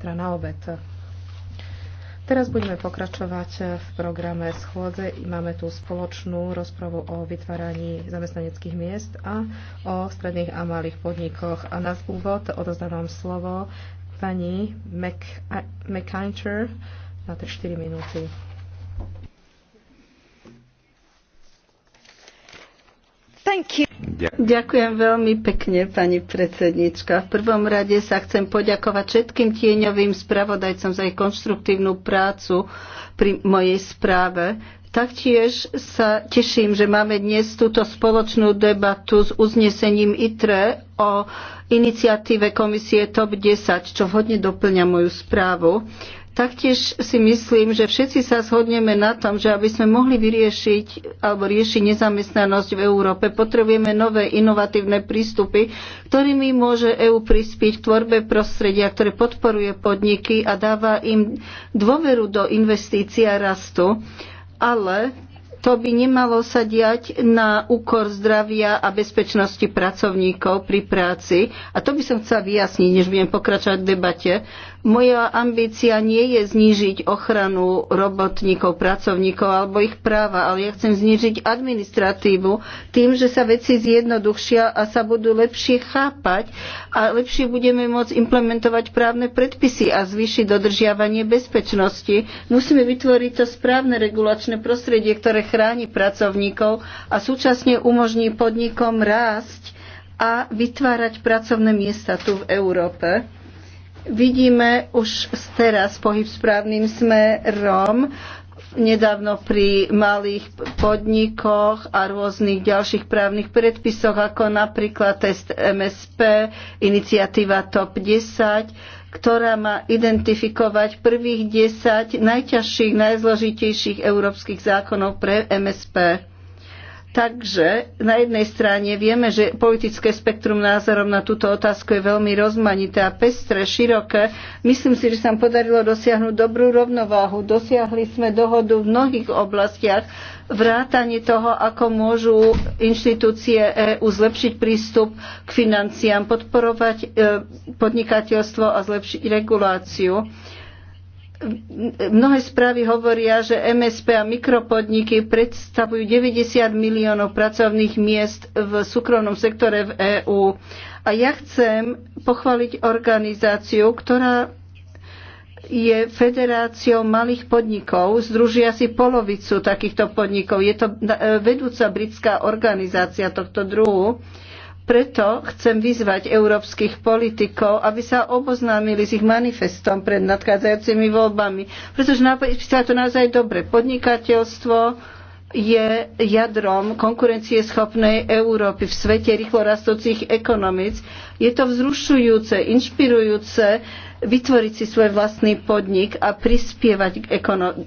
teda na obed. Teraz budeme pokračovať v programe schôdze. Máme tu spoločnú rozpravu o vytváraní zamestnaneckých miest a o stredných a malých podnikoch. A na úvod odozdávam slovo pani McIntyre na 4 minúty. Thank you. Ďakujem. veľmi pekne, pani predsednička. V prvom rade sa chcem poďakovať všetkým tieňovým spravodajcom za ich konštruktívnu prácu pri mojej správe. Taktiež sa teším, že máme dnes túto spoločnú debatu s uznesením ITRE o iniciatíve komisie TOP 10, čo vhodne doplňa moju správu. Taktiež si myslím, že všetci sa shodneme na tom, že aby sme mohli vyriešiť alebo riešiť nezamestnanosť v Európe, potrebujeme nové inovatívne prístupy, ktorými môže EÚ prispieť k tvorbe prostredia, ktoré podporuje podniky a dáva im dôveru do investícií a rastu. Ale to by nemalo sa diať na úkor zdravia a bezpečnosti pracovníkov pri práci. A to by som chcela vyjasniť, než budem pokračovať v debate. Moja ambícia nie je znížiť ochranu robotníkov, pracovníkov alebo ich práva, ale ja chcem znížiť administratívu tým, že sa veci zjednoduchšia a sa budú lepšie chápať a lepšie budeme môcť implementovať právne predpisy a zvýšiť dodržiavanie bezpečnosti. Musíme vytvoriť to správne regulačné prostredie, ktoré chráni pracovníkov a súčasne umožní podnikom rásť a vytvárať pracovné miesta tu v Európe Vidíme už teraz pohyb správnym smerom, nedávno pri malých podnikoch a rôznych ďalších právnych predpisoch, ako napríklad test MSP, iniciatíva TOP 10, ktorá má identifikovať prvých 10 najťažších, najzložitejších európskych zákonov pre MSP. Takže na jednej strane vieme, že politické spektrum názorom na túto otázku je veľmi rozmanité a pestré, široké. Myslím si, že sa nám podarilo dosiahnuť dobrú rovnováhu. Dosiahli sme dohodu v mnohých oblastiach, vrátanie toho, ako môžu inštitúcie EÚ zlepšiť prístup k financiám, podporovať e, podnikateľstvo a zlepšiť reguláciu. Mnohé správy hovoria, že MSP a mikropodniky predstavujú 90 miliónov pracovných miest v súkromnom sektore v EÚ. A ja chcem pochváliť organizáciu, ktorá je federáciou malých podnikov, združia si polovicu takýchto podnikov. Je to e, vedúca britská organizácia tohto druhu preto chcem vyzvať európskych politikov, aby sa oboznámili s ich manifestom pred nadchádzajúcimi voľbami, pretože napísala to naozaj dobre. Podnikateľstvo je jadrom konkurencieschopnej Európy v svete rýchlo rastúcich ekonomic. Je to vzrušujúce, inšpirujúce, vytvoriť si svoj vlastný podnik a prispievať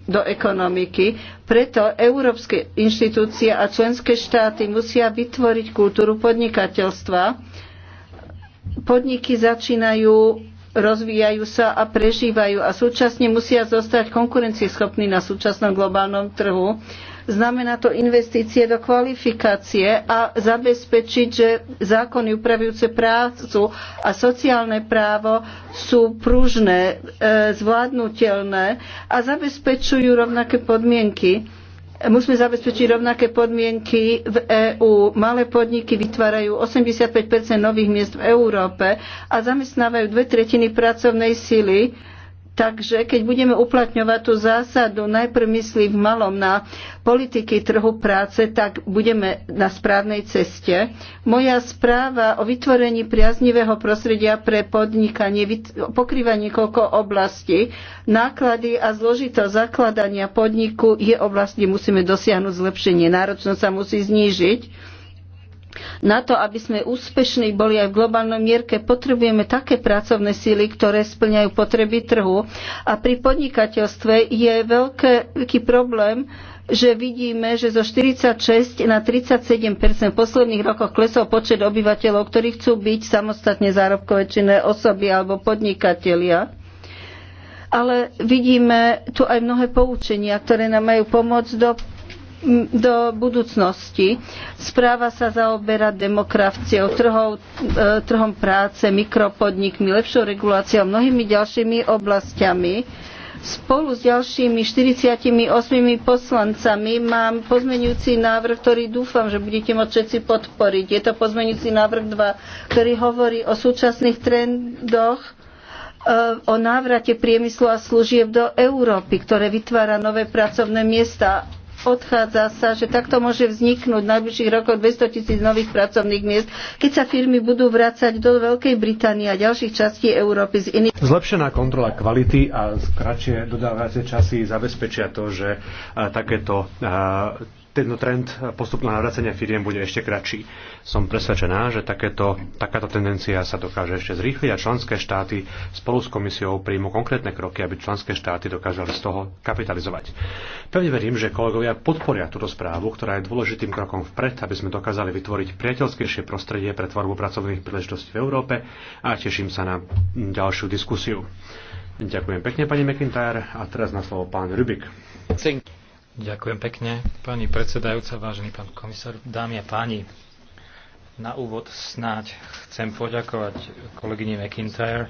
do ekonomiky. Preto európske inštitúcie a členské štáty musia vytvoriť kultúru podnikateľstva. Podniky začínajú rozvíjajú sa a prežívajú a súčasne musia zostať konkurencieschopní na súčasnom globálnom trhu. Znamená to investície do kvalifikácie a zabezpečiť, že zákony upravujúce prácu a sociálne právo sú pružné, e, zvládnutelné a zabezpečujú rovnaké podmienky musíme zabezpečiť rovnaké podmienky v EÚ. Malé podniky vytvárajú 85 nových miest v Európe a zamestnávajú dve tretiny pracovnej sily Takže keď budeme uplatňovať tú zásadu najprv myslí v malom na politiky trhu práce, tak budeme na správnej ceste. Moja správa o vytvorení priaznivého prostredia pre podnikanie pokrýva niekoľko oblastí. Náklady a zložitosť zakladania podniku je oblasti musíme dosiahnuť zlepšenie. Náročnosť sa musí znížiť na to, aby sme úspešní boli aj v globálnej mierke, potrebujeme také pracovné síly, ktoré splňajú potreby trhu. A pri podnikateľstve je veľký problém, že vidíme, že zo 46 na 37 v posledných rokoch klesol počet obyvateľov, ktorí chcú byť samostatne zárobkové činné osoby alebo podnikatelia. Ale vidíme tu aj mnohé poučenia, ktoré nám majú pomôcť do do budúcnosti. Správa sa zaoberá demokraciou, trhov, e, trhom práce, mikropodnikmi, lepšou reguláciou, a mnohými ďalšími oblastiami. Spolu s ďalšími 48 poslancami mám pozmenujúci návrh, ktorý dúfam, že budete môcť všetci podporiť. Je to pozmenujúci návrh 2, ktorý hovorí o súčasných trendoch e, o návrate priemyslu a služieb do Európy, ktoré vytvára nové pracovné miesta odchádza sa, že takto môže vzniknúť v najbližších rokoch 200 tisíc nových pracovných miest, keď sa firmy budú vrácať do Veľkej Británie a ďalších častí Európy z iných. Zlepšená kontrola kvality a kratšie dodávacie časy zabezpečia to, že takéto tento trend postupného navracenia firiem bude ešte kratší. Som presvedčená, že takéto, takáto tendencia sa dokáže ešte zrýchliť a členské štáty spolu s komisiou príjmu konkrétne kroky, aby členské štáty dokázali z toho kapitalizovať. Pevne verím, že kolegovia podporia túto správu, ktorá je dôležitým krokom vpred, aby sme dokázali vytvoriť priateľskejšie prostredie pre tvorbu pracovných príležitostí v Európe a teším sa na ďalšiu diskusiu. Ďakujem pekne, pani McIntyre, a teraz na slovo pán Rubik. Thank Ďakujem pekne, pani predsedajúca, vážený pán komisár, dámy a páni. Na úvod snáď chcem poďakovať kolegyni McIntyre,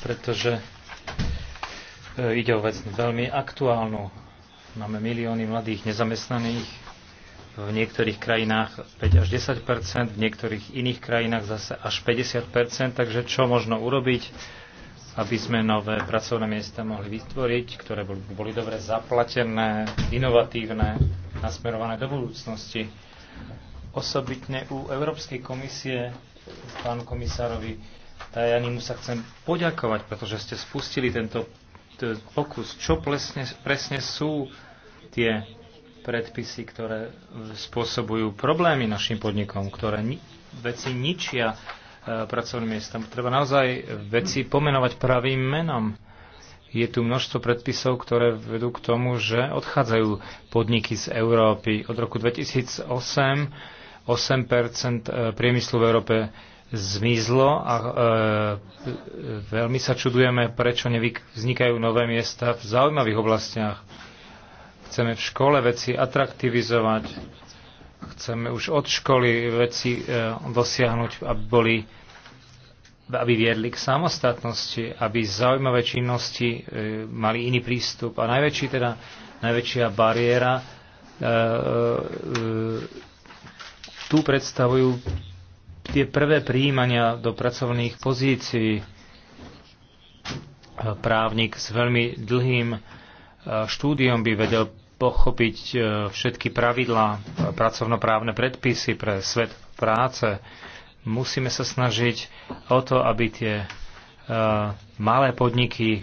pretože e, ide o vec veľmi aktuálnu. Máme milióny mladých nezamestnaných, v niektorých krajinách 5 až 10 v niektorých iných krajinách zase až 50 takže čo možno urobiť? aby sme nové pracovné miesta mohli vytvoriť, ktoré boli, boli dobre zaplatené, inovatívne, nasmerované do budúcnosti. Osobitne u Európskej komisie, pánu komisárovi Tajanimu sa chcem poďakovať, pretože ste spustili tento pokus. Čo presne, presne sú tie predpisy, ktoré spôsobujú problémy našim podnikom, ktoré ni- veci ničia E, pracovným miestam. Treba naozaj veci pomenovať pravým menom. Je tu množstvo predpisov, ktoré vedú k tomu, že odchádzajú podniky z Európy. Od roku 2008 8 e, priemyslu v Európe zmizlo a e, veľmi sa čudujeme, prečo vznikajú nové miesta v zaujímavých oblastiach. Chceme v škole veci atraktivizovať, chceme už od školy veci e, dosiahnuť, aby boli aby viedli k samostatnosti, aby zaujímavé činnosti e, mali iný prístup. A najväčší, teda, najväčšia bariéra e, e, tu predstavujú tie prvé príjmania do pracovných pozícií. Právnik s veľmi dlhým štúdiom by vedel pochopiť všetky pravidlá, pracovnoprávne predpisy pre svet práce Musíme sa snažiť o to, aby tie e, malé podniky, e,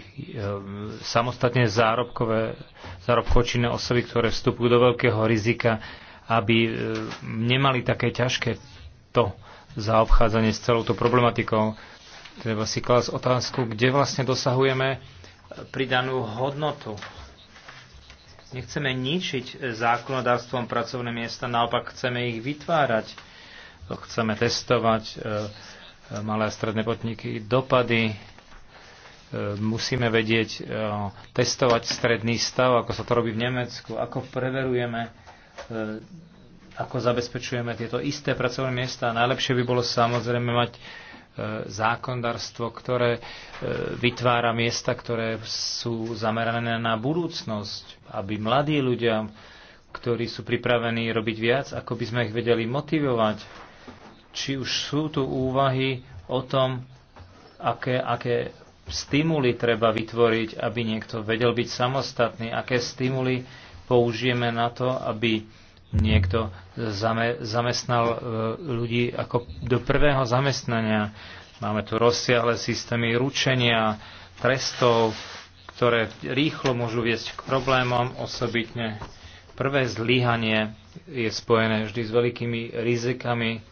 samostatne zárobkové, zárobkočinné osoby, ktoré vstupujú do veľkého rizika, aby e, nemali také ťažké to zaobchádzanie s celou tou problematikou. Treba si klásť otázku, kde vlastne dosahujeme pridanú hodnotu. Nechceme ničiť zákonodárstvom pracovné miesta, naopak chceme ich vytvárať chceme testovať e, e, malé a stredné podniky, dopady, e, musíme vedieť testovať stredný stav, ako sa to robí v Nemecku, ako preverujeme, ako zabezpečujeme tieto isté pracovné miesta. Najlepšie by bolo samozrejme mať zákondarstvo, ktoré vytvára miesta, ktoré sú zamerané na budúcnosť, aby mladí ľudia, ktorí sú pripravení robiť viac, ako by sme ich vedeli motivovať či už sú tu úvahy o tom, aké, aké stimuly treba vytvoriť, aby niekto vedel byť samostatný, aké stimuly použijeme na to, aby niekto zame, zamestnal e, ľudí ako do prvého zamestnania. Máme tu rozsiahle systémy ručenia, trestov, ktoré rýchlo môžu viesť k problémom, osobitne prvé zlyhanie je spojené vždy s veľkými rizikami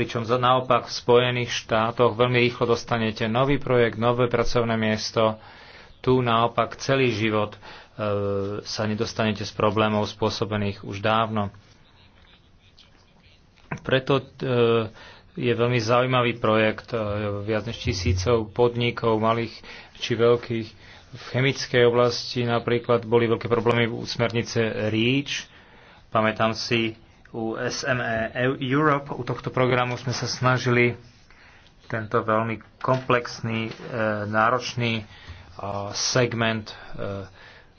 pričom za naopak v Spojených štátoch veľmi rýchlo dostanete nový projekt, nové pracovné miesto. Tu naopak celý život e, sa nedostanete z problémov spôsobených už dávno. Preto e, je veľmi zaujímavý projekt e, viac než tisícov podnikov, malých či veľkých. V chemickej oblasti napríklad boli veľké problémy v úsmernice REACH. Pamätám si, u SME Europe, u tohto programu sme sa snažili tento veľmi komplexný, e, náročný e, segment e,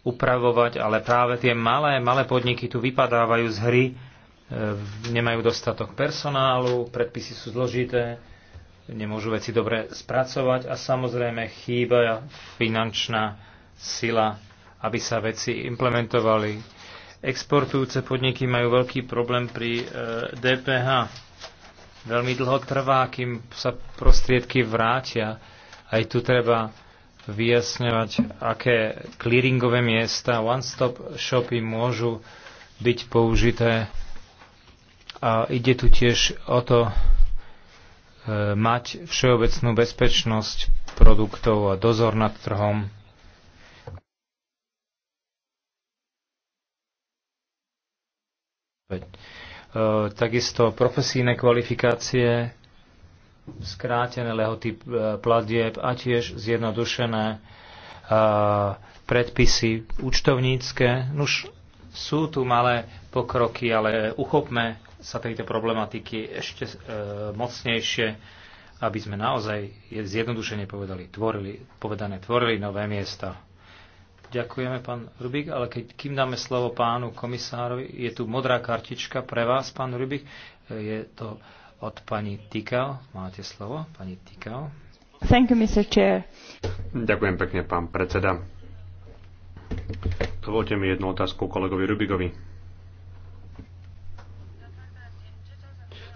upravovať, ale práve tie malé, malé podniky tu vypadávajú z hry, nemajú dostatok personálu, predpisy sú zložité, nemôžu veci dobre spracovať a samozrejme chýba finančná sila, aby sa veci implementovali Exportujúce podniky majú veľký problém pri e, DPH. Veľmi dlho trvá, kým sa prostriedky vrátia. Aj tu treba vyjasňovať, aké clearingové miesta, one-stop shopy môžu byť použité. A ide tu tiež o to e, mať všeobecnú bezpečnosť produktov a dozor nad trhom. E, takisto profesíne kvalifikácie, skrátené lehoty e, platieb a tiež zjednodušené e, predpisy účtovnícke. Nuž sú tu malé pokroky, ale uchopme sa tejto problematiky ešte e, mocnejšie, aby sme naozaj zjednodušene povedali, tvorili, povedané, tvorili nové miesta. Ďakujeme, pán Rubik, ale keď, kým dáme slovo pánu komisárovi, je tu modrá kartička pre vás, pán Rubik. Je to od pani Tikal. Máte slovo, pani Tikal. Thank you, Mr. Chair. Ďakujem pekne, pán predseda. Dovolte mi jednu otázku kolegovi Rubigovi.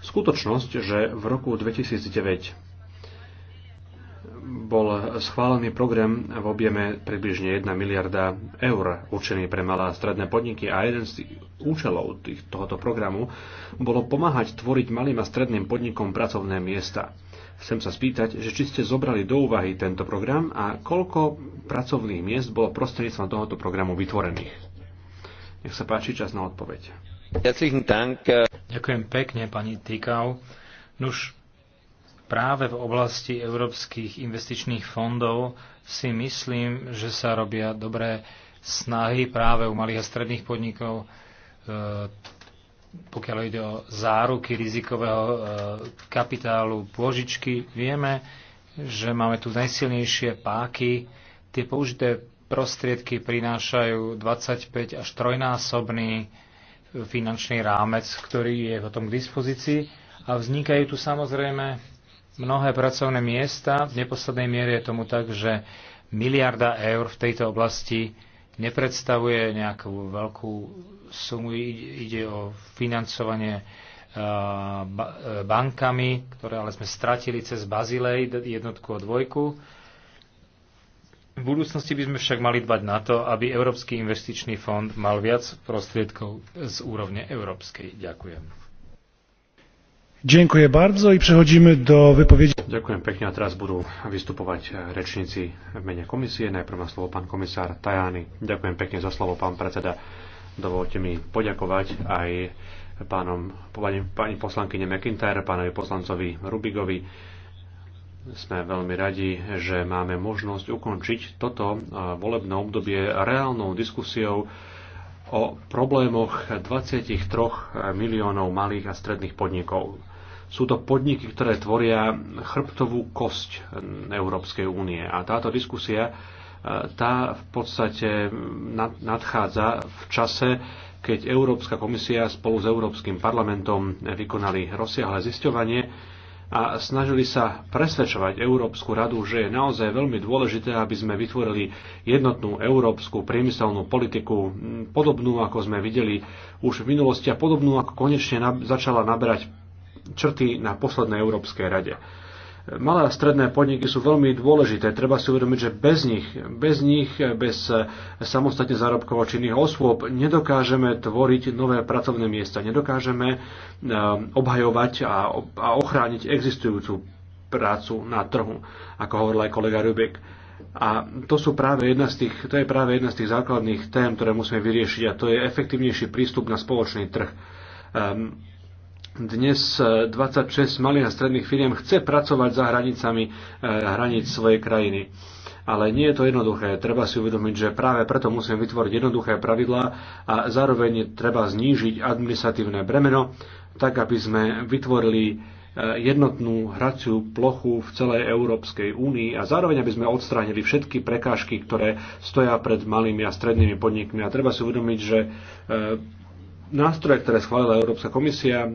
Skutočnosť, že v roku 2009 bol schválený program v objeme približne 1 miliarda eur určený pre malé a stredné podniky a jeden z účelov tých, tohoto programu bolo pomáhať tvoriť malým a stredným podnikom pracovné miesta. Chcem sa spýtať, že či ste zobrali do úvahy tento program a koľko pracovných miest bolo prostredníctvom tohoto programu vytvorených. Nech sa páči čas na odpoveď. Ďakujem pekne, pani Týkau. Nuž, práve v oblasti európskych investičných fondov si myslím, že sa robia dobré snahy práve u malých a stredných podnikov, e, pokiaľ ide o záruky rizikového e, kapitálu, pôžičky. Vieme, že máme tu najsilnejšie páky. Tie použité prostriedky prinášajú 25 až trojnásobný finančný rámec, ktorý je potom k dispozícii. A vznikajú tu samozrejme mnohé pracovné miesta. V neposlednej miere je tomu tak, že miliarda eur v tejto oblasti nepredstavuje nejakú veľkú sumu. Ide o financovanie e, e, bankami, ktoré ale sme stratili cez Bazilej, jednotku a dvojku. V budúcnosti by sme však mali dbať na to, aby Európsky investičný fond mal viac prostriedkov z úrovne európskej. Ďakujem. Ďakujem bardzo i przechodzimy do wypowiedzi. Dziękuję pekne a teraz budú vystupovať e, rečníci v mene komisie. Najprv má slovo pán komisár Tajany. Ďakujem pekne za slovo, pán predseda. Dovolte mi poďakovať aj pánom, pani, pani poslankyne McIntyre, pánovi poslancovi Rubigovi. Sme veľmi radi, že máme možnosť ukončiť toto e, volebné obdobie reálnou diskusiou o problémoch 23 miliónov malých a stredných podnikov. Sú to podniky, ktoré tvoria chrbtovú kosť Európskej únie. A táto diskusia e, tá v podstate nadchádza v čase, keď Európska komisia spolu s Európskym parlamentom vykonali rozsiahle zisťovanie a snažili sa presvedčovať Európsku radu, že je naozaj veľmi dôležité, aby sme vytvorili jednotnú európsku priemyselnú politiku, podobnú ako sme videli už v minulosti a podobnú ako konečne začala naberať črty na poslednej Európskej rade. Malé a stredné podniky sú veľmi dôležité. Treba si uvedomiť, že bez nich, bez nich, bez samostatne zárobkovo činných osôb nedokážeme tvoriť nové pracovné miesta, nedokážeme e, obhajovať a ochrániť existujúcu prácu na trhu, ako hovoril aj kolega Rubik. A to, sú práve jedna z tých, to je práve jedna z tých základných tém, ktoré musíme vyriešiť a to je efektívnejší prístup na spoločný trh. Um, dnes 26 eh, malých a stredných firiem chce pracovať za hranicami eh, hraníc svojej krajiny. Ale nie je to jednoduché. Treba si uvedomiť, že práve preto musíme vytvoriť jednoduché pravidlá a zároveň treba znížiť administratívne bremeno, tak aby sme vytvorili eh, jednotnú hraciu plochu v celej Európskej únii a zároveň, aby sme odstránili všetky prekážky, ktoré stoja pred malými a strednými podnikmi. A treba si uvedomiť, že nástroje, ktoré schválila Európska komisia,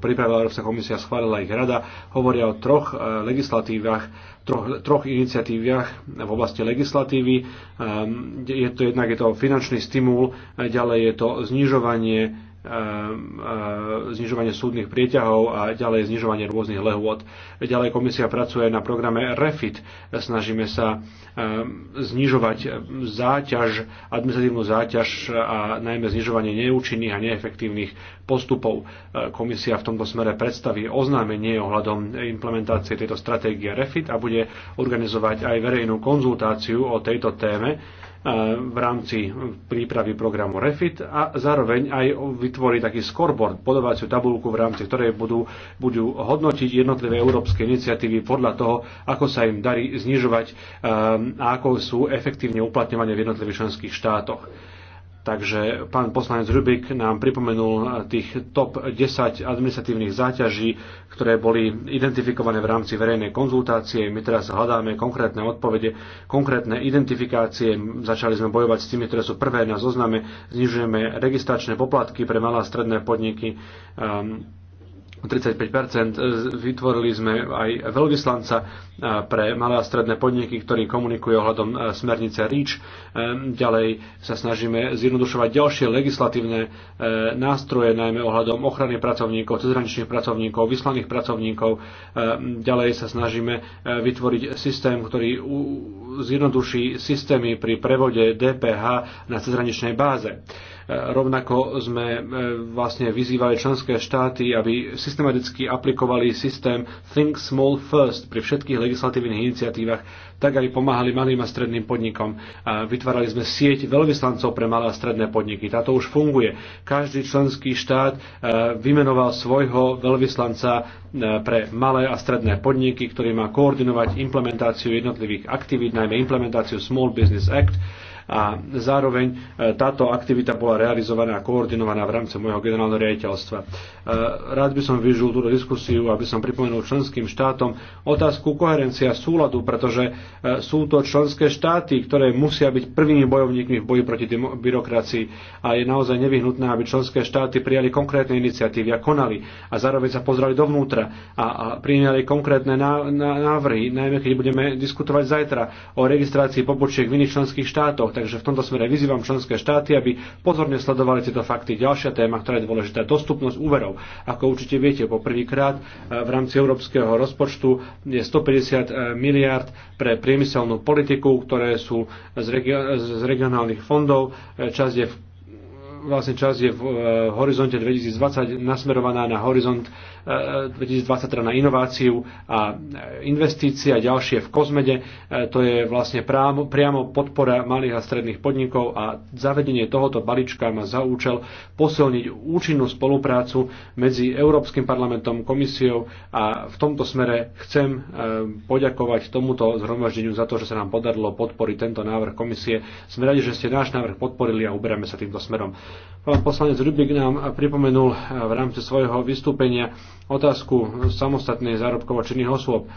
pripravila Európska komisia, schválila ich rada, hovoria o troch e, legislatívach, troch, troch iniciatívach v oblasti legislatívy. Ehm, je to, jednak je to finančný stimul, e, ďalej je to znižovanie Ehm, ehm, znižovanie súdnych prieťahov a ďalej znižovanie rôznych lehôd. Ďalej komisia pracuje na programe REFIT. Snažíme sa ehm, znižovať záťaž, administratívnu záťaž a najmä znižovanie neúčinných a neefektívnych postupov. Komisia v tomto smere predstaví oznámenie ohľadom implementácie tejto stratégie REFIT a bude organizovať aj verejnú konzultáciu o tejto téme v rámci prípravy programu REFIT a zároveň aj vytvorí taký scoreboard, podovaciu tabulku, v rámci ktorej budú, budú hodnotiť jednotlivé európske iniciatívy podľa toho, ako sa im darí znižovať a ako sú efektívne uplatňované v jednotlivých členských štátoch Takže pán poslanec Rubik nám pripomenul tých top 10 administratívnych záťaží, ktoré boli identifikované v rámci verejnej konzultácie. My teraz hľadáme konkrétne odpovede, konkrétne identifikácie. Začali sme bojovať s tými, ktoré sú prvé na zozname. Znižujeme registračné poplatky pre malé a stredné podniky. Um, 35 e, Vytvorili sme aj veľvyslanca e, pre malé a stredné podniky, ktorý komunikuje ohľadom e, smernice REACH. Ďalej sa snažíme zjednodušovať ďalšie legislatívne nástroje, najmä ohľadom ochrany pracovníkov, cezhraničných pracovníkov, vyslaných pracovníkov. Ďalej sa snažíme vytvoriť systém, ktorý zjednoduší systémy pri prevode DPH na cezhraničnej báze. Rovnako sme e, vlastne vyzývali členské štáty, aby systematicky aplikovali systém Think Small First pri všetkých legislatívnych iniciatívach, tak aby pomáhali malým a stredným podnikom. Vytvárali sme sieť veľvyslancov pre malé a stredné podniky. Táto už funguje. Každý členský štát e, vymenoval svojho veľvyslanca e, pre malé a stredné podniky, ktorý má koordinovať implementáciu jednotlivých aktivít, najmä implementáciu Small Business Act a zároveň e, táto aktivita bola realizovaná a koordinovaná v rámci môjho generálneho riaditeľstva. E, rád by som vyžil túto diskusiu, aby som pripomenul členským štátom otázku koherencia súladu, pretože e, sú to členské štáty, ktoré musia byť prvými bojovníkmi v boji proti byrokracii a je naozaj nevyhnutné, aby členské štáty prijali konkrétne iniciatívy a konali a zároveň sa pozrali dovnútra a, a prijali konkrétne návrhy, najmä keď budeme diskutovať zajtra o registrácii pobočiek v iných členských štátoch Takže v tomto smere vyzývam členské štáty, aby pozorne sledovali tieto fakty. Ďalšia téma, ktorá je dôležitá, dostupnosť úverov. Ako určite viete, poprvýkrát eh, v rámci európskeho rozpočtu je 150 eh, miliard pre priemyselnú politiku, ktoré sú z, regio- z regionálnych fondov. Eh, čas je v vlastne čas je v horizonte 2020 nasmerovaná na horizont 2023 teda na inováciu a investície a ďalšie v Kozmede. E, to je vlastne právo, priamo podpora malých a stredných podnikov a zavedenie tohoto balíčka má za účel posilniť účinnú spoluprácu medzi Európskym parlamentom, komisiou a v tomto smere chcem e, poďakovať tomuto zhromaždeniu za to, že sa nám podarilo podporiť tento návrh komisie. Sme radi, že ste náš návrh podporili a uberáme sa týmto smerom. Pán poslanec Rubik nám pripomenul e, v rámci svojho vystúpenia otázku samostatnej zárobkovo činných osôb. E,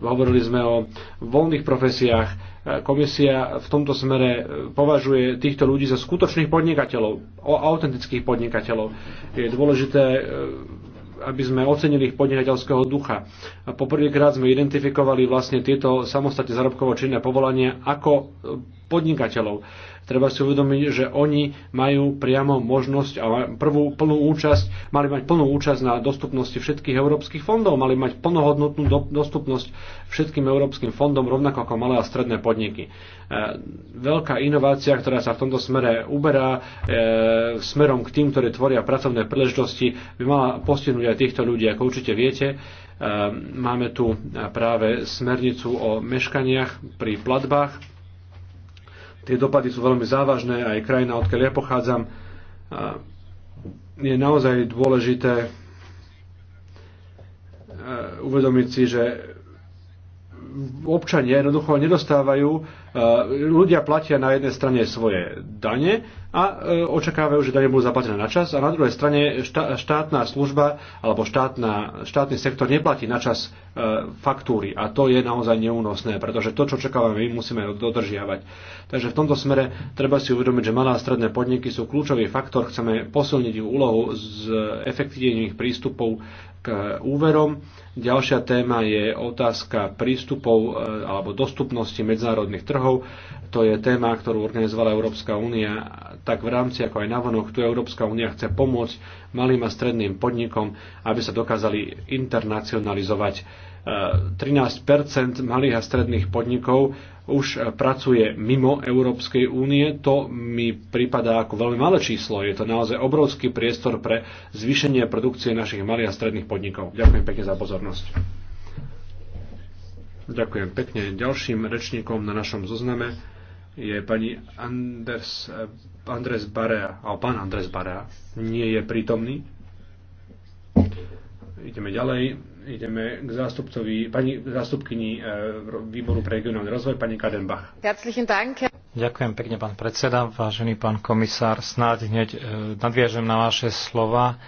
hovorili sme o voľných profesiách. E, komisia v tomto smere považuje týchto ľudí za skutočných podnikateľov, o autentických podnikateľov. Je dôležité e, aby sme ocenili ich podnikateľského ducha. Poprvýkrát sme identifikovali vlastne tieto samostatne zarobkovo činné povolania ako podnikateľov. Treba si uvedomiť, že oni majú priamo možnosť a prvú plnú účasť, mali mať plnú účasť na dostupnosti všetkých európskych fondov, mali mať plnohodnotnú do, dostupnosť všetkým európskym fondom, rovnako ako malé a stredné podniky. E, veľká inovácia, ktorá sa v tomto smere uberá e, smerom k tým, ktorí tvoria pracovné príležitosti, by mala postihnúť aj týchto ľudí, ako určite viete. E, máme tu práve smernicu o meškaniach pri platbách. Tie dopady sú veľmi závažné, a aj krajina, odkiaľ ja pochádzam, je naozaj dôležité e, uvedomiť si, že občania jednoducho nedostávajú, e, ľudia platia na jednej strane svoje dane a e, očakávajú, že dane budú zaplatené na čas a na druhej strane štátna služba alebo štátna, štátny sektor neplatí na čas e, faktúry a to je naozaj neúnosné, pretože to, čo očakávame, my musíme dodržiavať. Takže v tomto smere treba si uvedomiť, že malé a stredné podniky sú kľúčový faktor, chceme posilniť ich úlohu z efektívnych prístupov k úverom Ďalšia téma je otázka prístupov e, alebo dostupnosti medzinárodných trhov. To je téma, ktorú organizovala Európska únia. Tak v rámci, ako aj navonok, tu Európska únia chce pomôcť malým a stredným podnikom, aby sa dokázali internacionalizovať. 13 eh, malých a stredných podnikov už eh, pracuje mimo Európskej únie. To mi pripadá ako veľmi malé číslo. Je to naozaj obrovský priestor pre zvýšenie produkcie našich malých a stredných podnikov. Ďakujem pekne za pozornosť. Ďakujem pekne. Ďalším rečníkom na našom zozname je pani Anders, Andres Barea, alebo pán Andres Barea, nie je prítomný. Ideme ďalej, ideme k zástupcovi, pani zástupkyni e, výboru pre regionálny rozvoj, pani Kadenbach. Ďakujem pekne, pán predseda, vážený pán komisár. Snáď hneď e, nadviažem na vaše slova.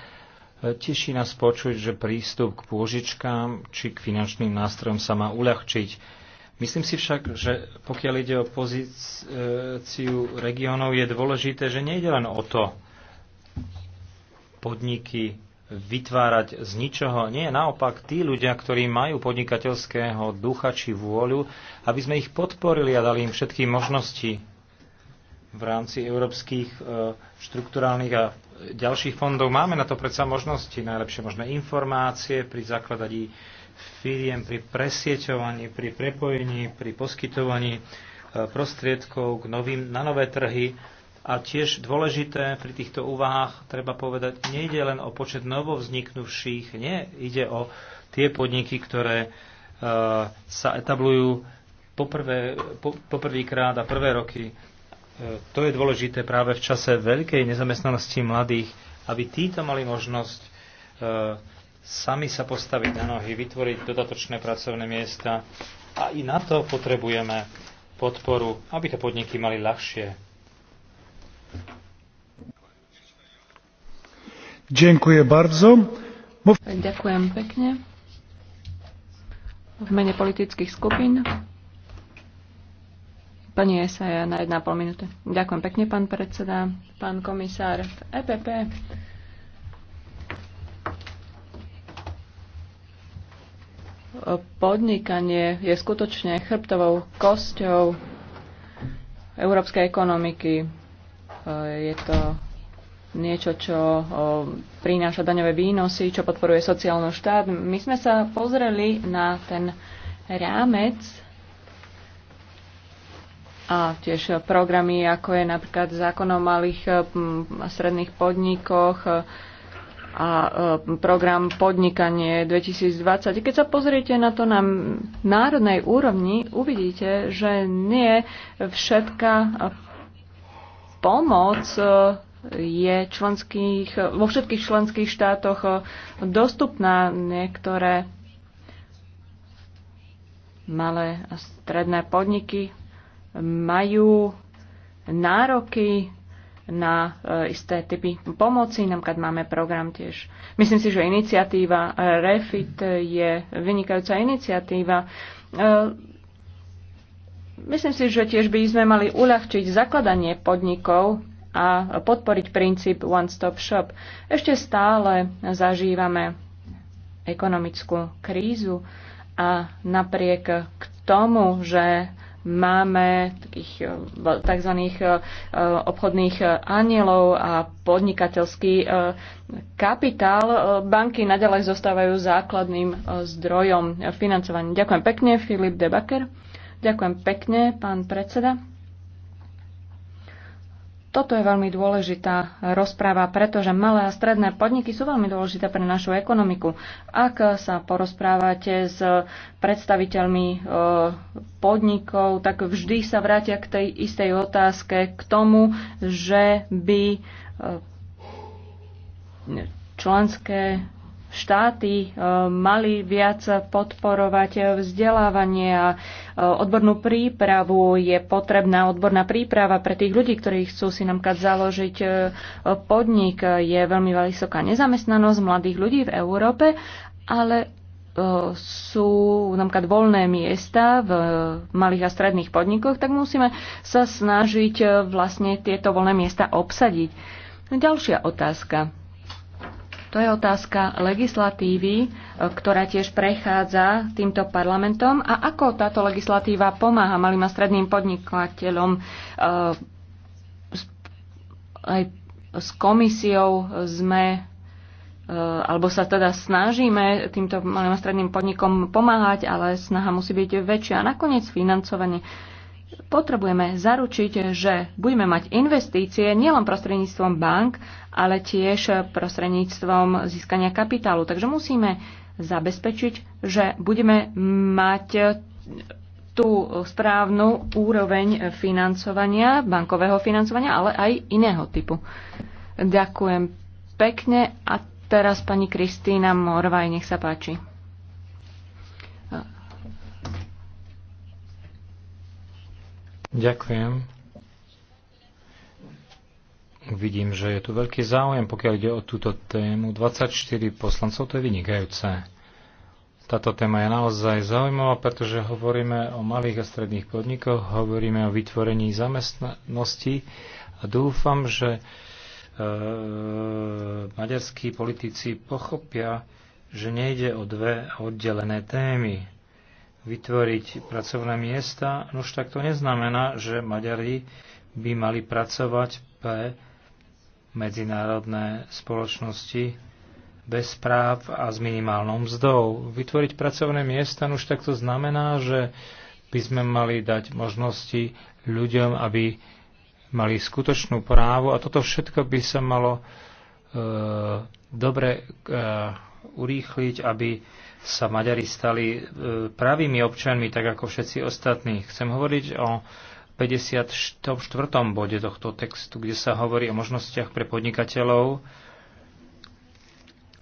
E, teší nás počuť, že prístup k pôžičkám či k finančným nástrojom sa má uľahčiť Myslím si však, že pokiaľ ide o pozíciu regiónov, je dôležité, že nejde len o to podniky vytvárať z ničoho. Nie, naopak tí ľudia, ktorí majú podnikateľského ducha či vôľu, aby sme ich podporili a dali im všetky možnosti v rámci európskych e, štruktúrálnych a ďalších fondov. Máme na to predsa možnosti, najlepšie možné informácie pri zakladaní firiem, pri presieťovaní, pri prepojení, pri poskytovaní e, prostriedkov k novým, na nové trhy. A tiež dôležité pri týchto úvahách treba povedať, nejde len o počet novovzniknúvších, nie, ide o tie podniky, ktoré e, sa etablujú poprvé, po, poprvýkrát a prvé roky E, to je dôležité práve v čase veľkej nezamestnanosti mladých, aby títo mali možnosť e, sami sa postaviť na nohy, vytvoriť dodatočné pracovné miesta. A i na to potrebujeme podporu, aby to podniky mali ľahšie. Ďakujem bardzo. Ďakujem pekne. V mene politických skupín Pani Esaja na 1,5 minúte. Ďakujem pekne, pán predseda, pán komisár v EPP. Podnikanie je skutočne chrbtovou kosťou európskej ekonomiky. Je to niečo, čo prináša daňové výnosy, čo podporuje sociálny štát. My sme sa pozreli na ten rámec a tiež programy, ako je napríklad zákon o malých e, a stredných podnikoch e, a e, program podnikanie 2020. Keď sa pozriete na to na národnej úrovni, uvidíte, že nie všetká pomoc je členských, vo všetkých členských štátoch dostupná. Niektoré malé a stredné podniky majú nároky na e, isté typy pomoci. Napríklad máme program tiež. Myslím si, že iniciatíva e, REFIT je vynikajúca iniciatíva. E, myslím si, že tiež by sme mali uľahčiť zakladanie podnikov a podporiť princíp One Stop Shop. Ešte stále zažívame ekonomickú krízu a napriek k tomu, že máme takých eh, tzv. Eh, eh, obchodných anielov a podnikateľský kapitál. Banky naďalej zostávajú základným zdrojom financovania. Ďakujem pekne, Filip Debaker. Ďakujem pekne, pán predseda. Toto je veľmi dôležitá rozpráva, pretože malé a stredné podniky sú veľmi dôležité pre našu ekonomiku. Ak sa porozprávate s predstaviteľmi e, podnikov, tak vždy sa vrátia k tej istej otázke, k tomu, že by e, členské štáty e, mali viac podporovať vzdelávanie a e, odbornú prípravu. Je potrebná odborná príprava pre tých ľudí, ktorí chcú si napríklad založiť e, podnik. Je veľmi vysoká nezamestnanosť mladých ľudí v Európe, ale sú napríklad voľné miesta v malých a stredných podnikoch, tak musíme sa snažiť vlastne tieto voľné miesta obsadiť. Ďalšia otázka. To je otázka legislatívy, e, ktorá tiež prechádza týmto parlamentom. A ako táto legislatíva pomáha malým a stredným podnikateľom e, aj s komisiou sme e, alebo sa teda snažíme týmto malým a stredným podnikom pomáhať, ale snaha musí byť väčšia. A nakoniec financovanie potrebujeme zaručiť, že budeme mať investície nielen prostredníctvom bank, ale tiež prostredníctvom získania kapitálu. Takže musíme zabezpečiť, že budeme mať tú správnu úroveň financovania, bankového financovania, ale aj iného typu. Ďakujem pekne a teraz pani Kristýna Morvaj, nech sa páči. Ďakujem. Vidím, že je tu veľký záujem, pokiaľ ide o túto tému. 24 poslancov, to je vynikajúce. Táto téma je naozaj zaujímavá, pretože hovoríme o malých a stredných podnikoch, hovoríme o vytvorení zamestnanosti a dúfam, že e, maďarskí politici pochopia, že nejde o dve oddelené témy vytvoriť pracovné miesta, no už tak to neznamená, že Maďari by mali pracovať pre medzinárodné spoločnosti bez práv a s minimálnou mzdou. Vytvoriť pracovné miesta, no už tak to znamená, že by sme mali dať možnosti ľuďom, aby mali skutočnú právu a toto všetko by sa malo e, dobre e, urýchliť, aby sa Maďari stali e, pravými občanmi, tak ako všetci ostatní. Chcem hovoriť o 54. bode tohto textu, kde sa hovorí o možnostiach pre podnikateľov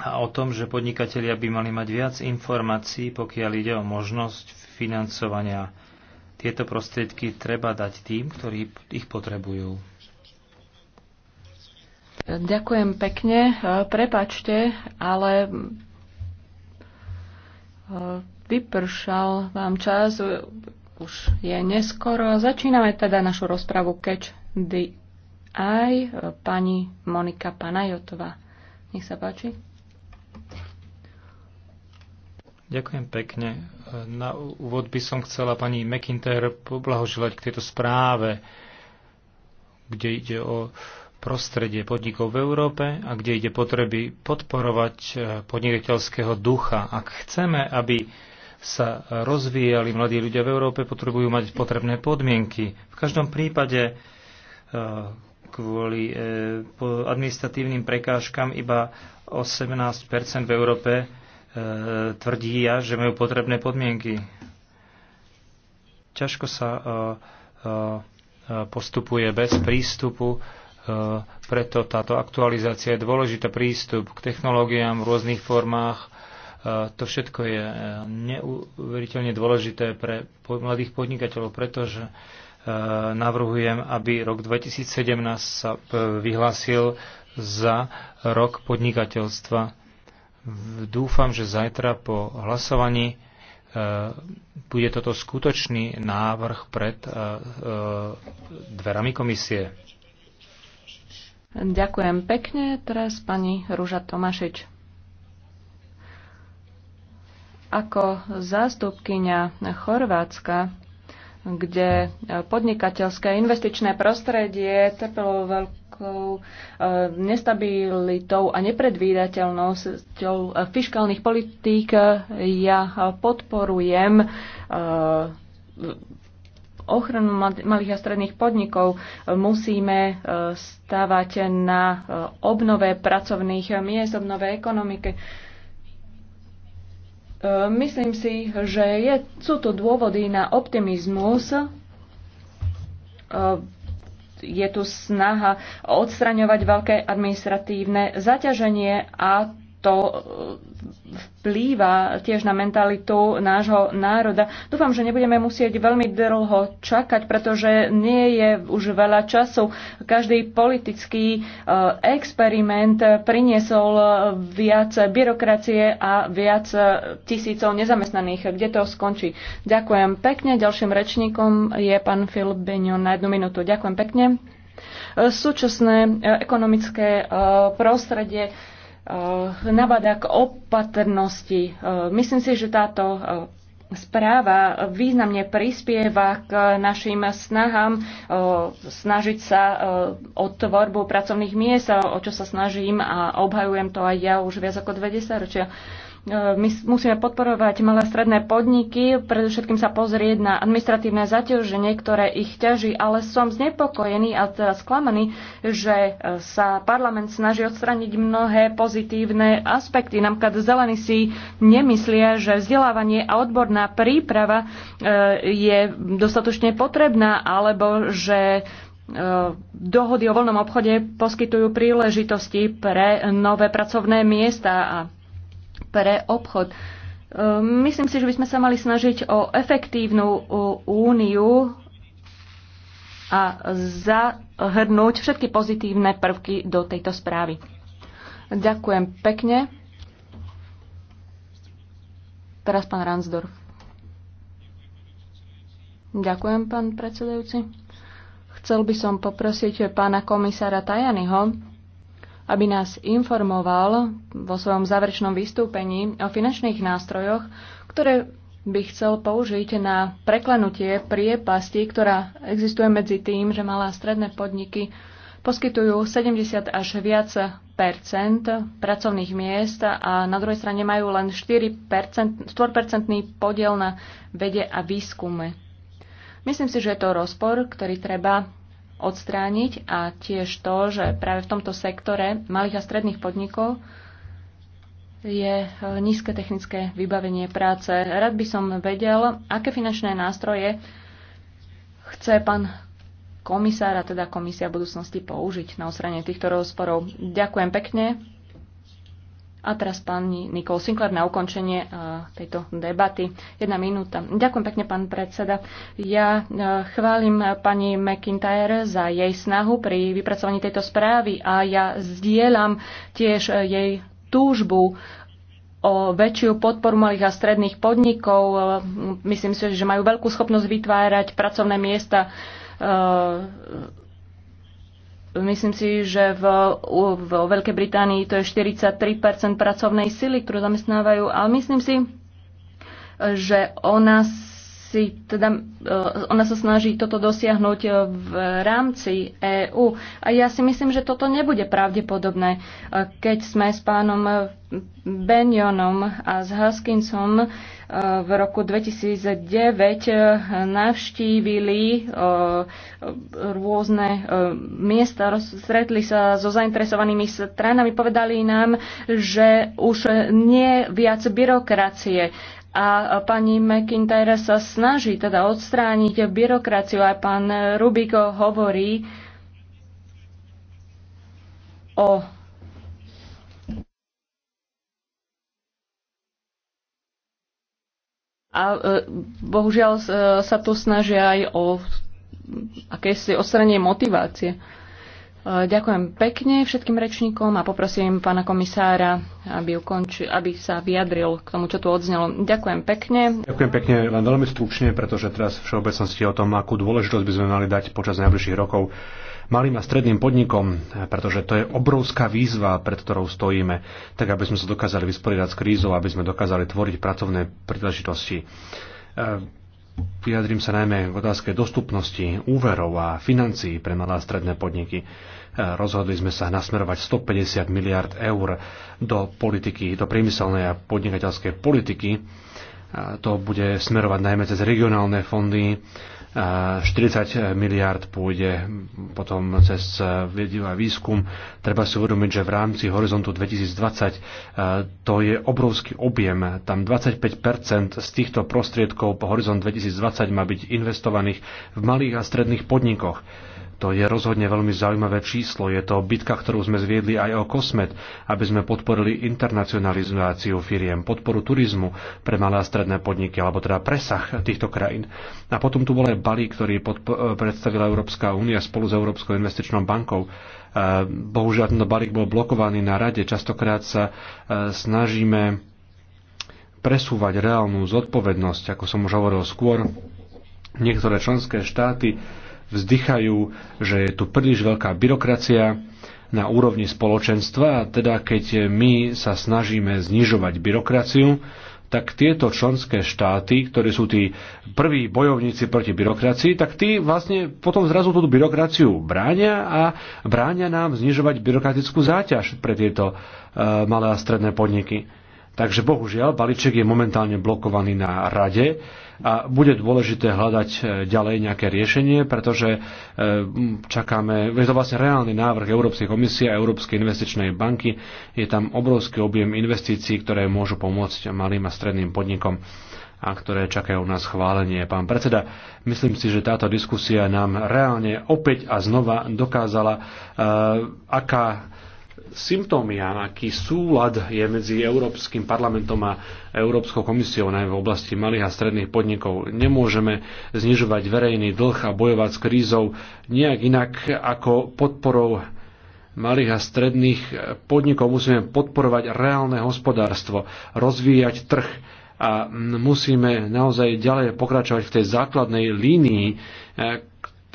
a o tom, že podnikatelia by mali mať viac informácií, pokiaľ ide o možnosť financovania. Tieto prostriedky treba dať tým, ktorí ich potrebujú. Ďakujem pekne. E, prepačte, ale e, vypršal vám čas. E, už je neskoro. Začíname teda našu rozpravu Catch the Eye. Pani Monika Panajotová. Nech sa páči. Ďakujem pekne. Na úvod by som chcela pani McIntyre poblahoželať k tejto správe, kde ide o prostredie podnikov v Európe a kde ide potreby podporovať eh, podnikateľského ducha. Ak chceme, aby sa rozvíjali mladí ľudia v Európe, potrebujú mať potrebné podmienky. V každom prípade eh, kvôli eh, administratívnym prekážkam iba 18 v Európe tvrdí, že majú potrebné podmienky. Ťažko sa postupuje bez prístupu E, preto táto aktualizácia je dôležitá prístup k technológiám v rôznych formách. E, to všetko je e, neuveriteľne dôležité pre mladých podnikateľov, pretože navrhujem, aby rok 2017 sa vyhlásil za rok podnikateľstva. Dúfam, že zajtra po hlasovaní bude toto skutočný návrh pred dverami komisie. Ďakujem pekne. Teraz pani Rúža Tomašič. Ako zástupkynia Chorvátska, kde podnikateľské investičné prostredie trpelo veľkou eh, nestabilitou a nepredvídateľnosťou fiskálnych politík, ja podporujem eh, ochranu malých a stredných podnikov. Musíme e, stavať na e, obnove pracovných miest, obnove ekonomiky. E, myslím si, že je, sú tu dôvody na optimizmus. Je tu snaha odstraňovať veľké administratívne zaťaženie a to e, vplýva tiež na mentalitu nášho národa. Dúfam, že nebudeme musieť veľmi dlho čakať, pretože nie je už veľa času. Každý politický e, experiment priniesol viac byrokracie a viac tisícov nezamestnaných. Kde to skončí? Ďakujem pekne. Ďalším rečníkom je pán Filip Beňon na jednu minútu. Ďakujem pekne. E, súčasné ekonomické prostredie Eh, nabada k opatrnosti. Eh, myslím si, že táto eh, správa významne prispieva k našim snahám snažiť sa o tvorbu pracovných miest, o čo sa snažím a obhajujem to aj ja už viac ako 20 ročia. E, my musíme podporovať malé stredné podniky, predovšetkým sa pozrieť na administratívne zaťaženie, ktoré ich ťaží, ale som znepokojený a teda sklamaný, že e, sa parlament snaží odstraniť mnohé pozitívne aspekty. Napríklad zelení si nemyslia, že vzdelávanie a odborná príprava e, je dostatočne potrebná, alebo že dohody o voľnom obchode poskytujú príležitosti pre nové pracovné miesta a pre obchod. Ehm, myslím si, že by sme sa mali snažiť o efektívnu úniu a zahrnúť všetky pozitívne prvky do tejto správy. Ďakujem pekne. Teraz pán Ransdorf. Ďakujem, pán predsedajúci. Chcel by som poprosiť pána komisára Tajanyho, aby nás informoval vo svojom záverečnom vystúpení o finančných nástrojoch, ktoré by chcel použiť na preklenutie priepasti, ktorá existuje medzi tým, že malé a stredné podniky poskytujú 70 až viac percent pracovných miest a na druhej strane majú len 4%, 4% podiel na vede a výskume. Myslím si, že je to rozpor, ktorý treba odstrániť a tiež to, že práve v tomto sektore malých a stredných podnikov je e, nízke technické vybavenie práce. Rád by som vedel, aké finančné nástroje chce pán komisár a teda komisia budúcnosti použiť na osranie týchto rozporov. Ďakujem pekne. A teraz pani Nikol Sinclair na ukončenie eh, tejto debaty. Jedna minúta. Ďakujem pekne, pán predseda. Ja eh, chválim eh, pani McIntyre za jej snahu pri vypracovaní tejto správy a ja zdieľam tiež jej túžbu o väčšiu podporu malých a stredných podnikov. Myslím si, že majú veľkú schopnosť vytvárať pracovné miesta Myslím si, že v, v Veľkej Británii to je 43 pracovnej sily, ktorú zamestnávajú, ale myslím si, že o nás si teda, e, ona sa snaží toto dosiahnuť e, v rámci EÚ. A ja si myslím, že toto nebude pravdepodobné. E, keď sme s pánom Benjonom a s Huskinsom v roku 2009 navštívili rôzne miesta, stretli sa so zainteresovanými stranami, povedali nám, že už nie viac byrokracie, a pani McIntyre sa snaží teda odstrániť byrokraciu. Aj pán Rubiko hovorí o A e, bohužiaľ e, sa tu snažia aj o akési odstranie motivácie. Ďakujem pekne všetkým rečníkom a poprosím pána komisára, aby, ukonči, aby sa vyjadril k tomu, čo tu odznelo. Ďakujem pekne. Ďakujem pekne, len veľmi stručne, pretože teraz všeobecnosti o tom, akú dôležitosť by sme mali dať počas najbližších rokov malým a stredným podnikom, pretože to je obrovská výzva, pred ktorou stojíme, tak aby sme sa dokázali vysporiadať s krízou, aby sme dokázali tvoriť pracovné príležitosti Vyjadrím sa najmä k otázke dostupnosti úverov a financií pre malé a stredné podniky. E, rozhodli sme sa nasmerovať 150 miliard eur do politiky, do priemyselnej a podnikateľskej politiky. E, to bude smerovať najmä cez regionálne fondy, 40 miliard pôjde potom cez vedu a výskum. Treba si uvedomiť, že v rámci horizontu 2020 e, to je obrovský objem. Tam 25 z týchto prostriedkov po horizont 2020 má byť investovaných v malých a stredných podnikoch to je rozhodne veľmi zaujímavé číslo. Je to bitka, ktorú sme zviedli aj o Kosmet, aby sme podporili internacionalizáciu firiem, podporu turizmu pre malé a stredné podniky, alebo teda presah týchto krajín. A potom tu bol aj balík, ktorý e, predstavila Európska únia spolu s Európskou investičnou bankou. E, bohužiaľ, tento balík bol blokovaný na rade. Častokrát sa e, snažíme presúvať reálnu zodpovednosť, ako som už hovoril skôr. Niektoré členské štáty vzdychajú, že je tu príliš veľká byrokracia na úrovni spoločenstva a teda keď my sa snažíme znižovať byrokraciu, tak tieto členské štáty, ktorí sú tí prví bojovníci proti byrokracii, tak tí vlastne potom zrazu tú byrokraciu bráňa a bráňa nám znižovať byrokratickú záťaž pre tieto uh, malé a stredné podniky. Takže bohužiaľ, balíček je momentálne blokovaný na rade a bude dôležité hľadať e, ďalej nejaké riešenie, pretože e, čakáme, je to vlastne reálny návrh Európskej komisie a Európskej investičnej banky, je tam obrovský objem investícií, ktoré môžu pomôcť malým a stredným podnikom a ktoré čakajú na schválenie. Pán predseda, myslím si, že táto diskusia nám reálne opäť a znova dokázala, uh, aká symptómy a aký súlad je medzi Európskym parlamentom a Európskou komisiou najmä v oblasti malých a stredných podnikov. Nemôžeme znižovať verejný dlh a bojovať s krízou nejak inak ako podporou malých a stredných podnikov. Musíme podporovať reálne hospodárstvo, rozvíjať trh a musíme naozaj ďalej pokračovať v tej základnej línii,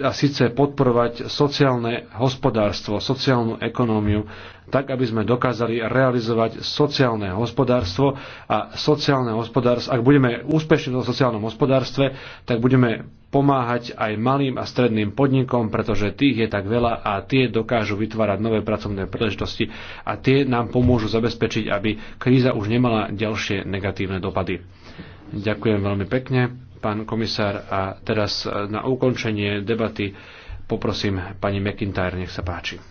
a síce podporovať sociálne hospodárstvo, sociálnu ekonómiu, tak aby sme dokázali realizovať sociálne hospodárstvo a sociálne hospodárstvo, ak budeme úspešní v sociálnom hospodárstve, tak budeme pomáhať aj malým a stredným podnikom, pretože tých je tak veľa a tie dokážu vytvárať nové pracovné príležitosti a tie nám pomôžu zabezpečiť, aby kríza už nemala ďalšie negatívne dopady. Ďakujem veľmi pekne pán komisár. A teraz na ukončenie debaty poprosím pani McIntyre, nech sa páči.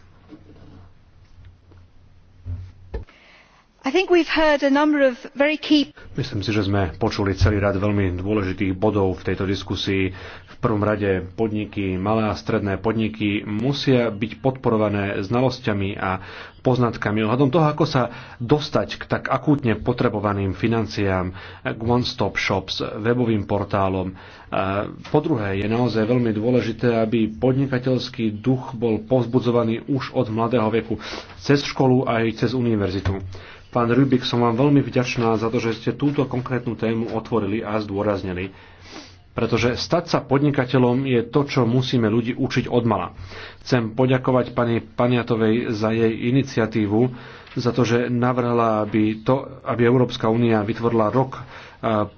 Myslím si, že sme počuli celý rad veľmi dôležitých bodov v tejto diskusii. V prvom rade podniky, malé a stredné podniky musia byť podporované znalosťami a poznatkami ohľadom toho, ako sa dostať k tak akútne potrebovaným financiám, k one-stop shops, webovým portálom. Po druhé, je naozaj veľmi dôležité, aby podnikateľský duch bol povzbudzovaný už od mladého veku, cez školu aj cez univerzitu. Pán Rubik, som vám veľmi vďačná za to, že ste túto konkrétnu tému otvorili a zdôraznili. Pretože stať sa podnikateľom je to, čo musíme ľudí učiť od mala. Chcem poďakovať pani Paniatovej za jej iniciatívu, za to, že navrhla, aby, to, aby Európska únia vytvorila rok e,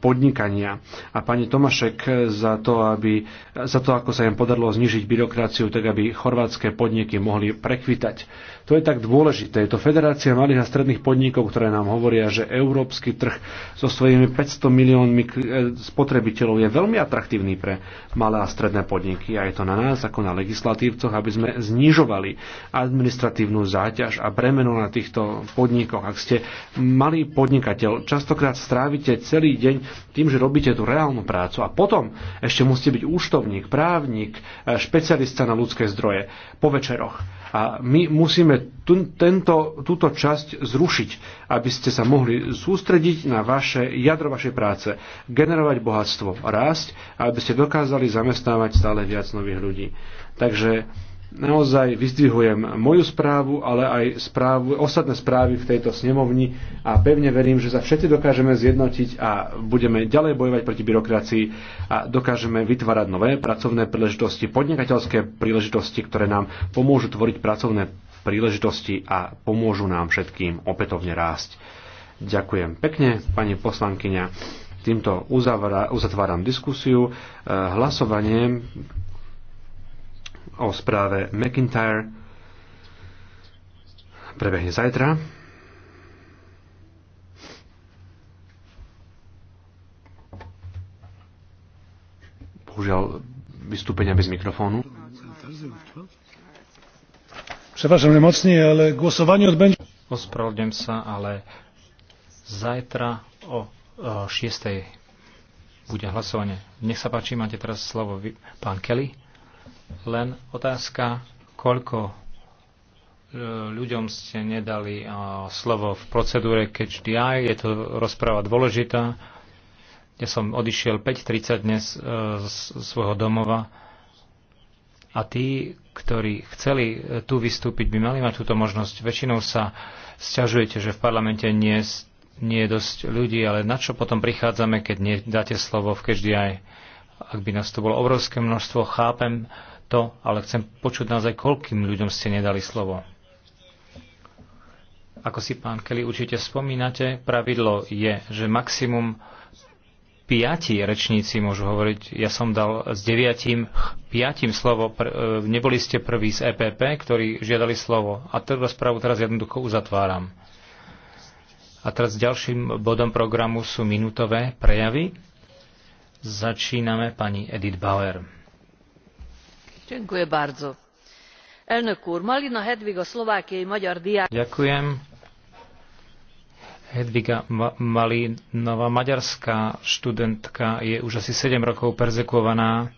podnikania. A pani Tomašek za to, aby, za to, ako sa im podarilo znižiť byrokraciu, tak aby chorvátske podniky mohli prekvitať. To je tak dôležité. Je to Federácia malých a stredných podnikov, ktoré nám hovoria, že európsky trh so svojimi 500 miliónmi e, spotrebiteľov je veľmi atraktívny pre malé a stredné podniky a je to na nás ako na legislatívcoch, aby sme znižovali administratívnu záťaž a bremeno na týchto podnikoch. Ak ste malý podnikateľ, častokrát strávite celý deň tým, že robíte tú reálnu prácu a potom ešte musíte byť úštovník, právnik, e, špecialista na ľudské zdroje po večeroch. A my musíme tu, tento, túto časť zrušiť, aby ste sa mohli sústrediť na vaše jadro vašej práce, generovať bohatstvo, rásť a aby ste dokázali zamestnávať stále viac nových ľudí. Takže naozaj vyzdvihujem moju správu, ale aj správu, ostatné správy v tejto snemovni a pevne verím, že sa všetci dokážeme zjednotiť a budeme ďalej bojovať proti byrokracii a dokážeme vytvárať nové pracovné príležitosti, podnikateľské príležitosti, ktoré nám pomôžu tvoriť pracovné príležitosti a pomôžu nám všetkým opätovne rásť. Ďakujem pekne, pani poslankyňa. Týmto uzavra, uzatváram diskusiu. Eh, hlasovanie o správe McIntyre prebehne zajtra. Bohužiaľ, vystúpenia bez mikrofónu. Przepraszam nemocný, ale głosowanie odbędzie... Ospravedlňujem sa, ale zajtra o, 6.00 bude hlasovanie. Nech sa páči, máte teraz slovo vy, pán Kelly. Len otázka, koľko e, ľuďom ste nedali e, slovo v procedúre catch the eye. Je to rozpráva dôležitá. Ja som odišiel 5.30 dnes e, z svojho domova a tí, ktorí chceli tu vystúpiť, by mali mať túto možnosť. Väčšinou sa sťažujete, že v parlamente nie, nie je dosť ľudí, ale na čo potom prichádzame, keď nedáte slovo v catch the eye? Ak by nás to bolo obrovské množstvo, chápem, to, ale chcem počuť naozaj, koľkým ľuďom ste nedali slovo. Ako si pán Kelly určite spomínate, pravidlo je, že maximum piati rečníci môžu hovoriť. Ja som dal s deviatím, piatím slovo. Pr- e, neboli ste prví z EPP, ktorí žiadali slovo. A teda rozprávu teraz jednoducho uzatváram. A teraz ďalším bodom programu sú minútové prejavy. Začíname pani Edith Bauer elnök úr malina hedvig a szlovákiai magyar diák. študentka je už asi 7 rokov perzekvovaná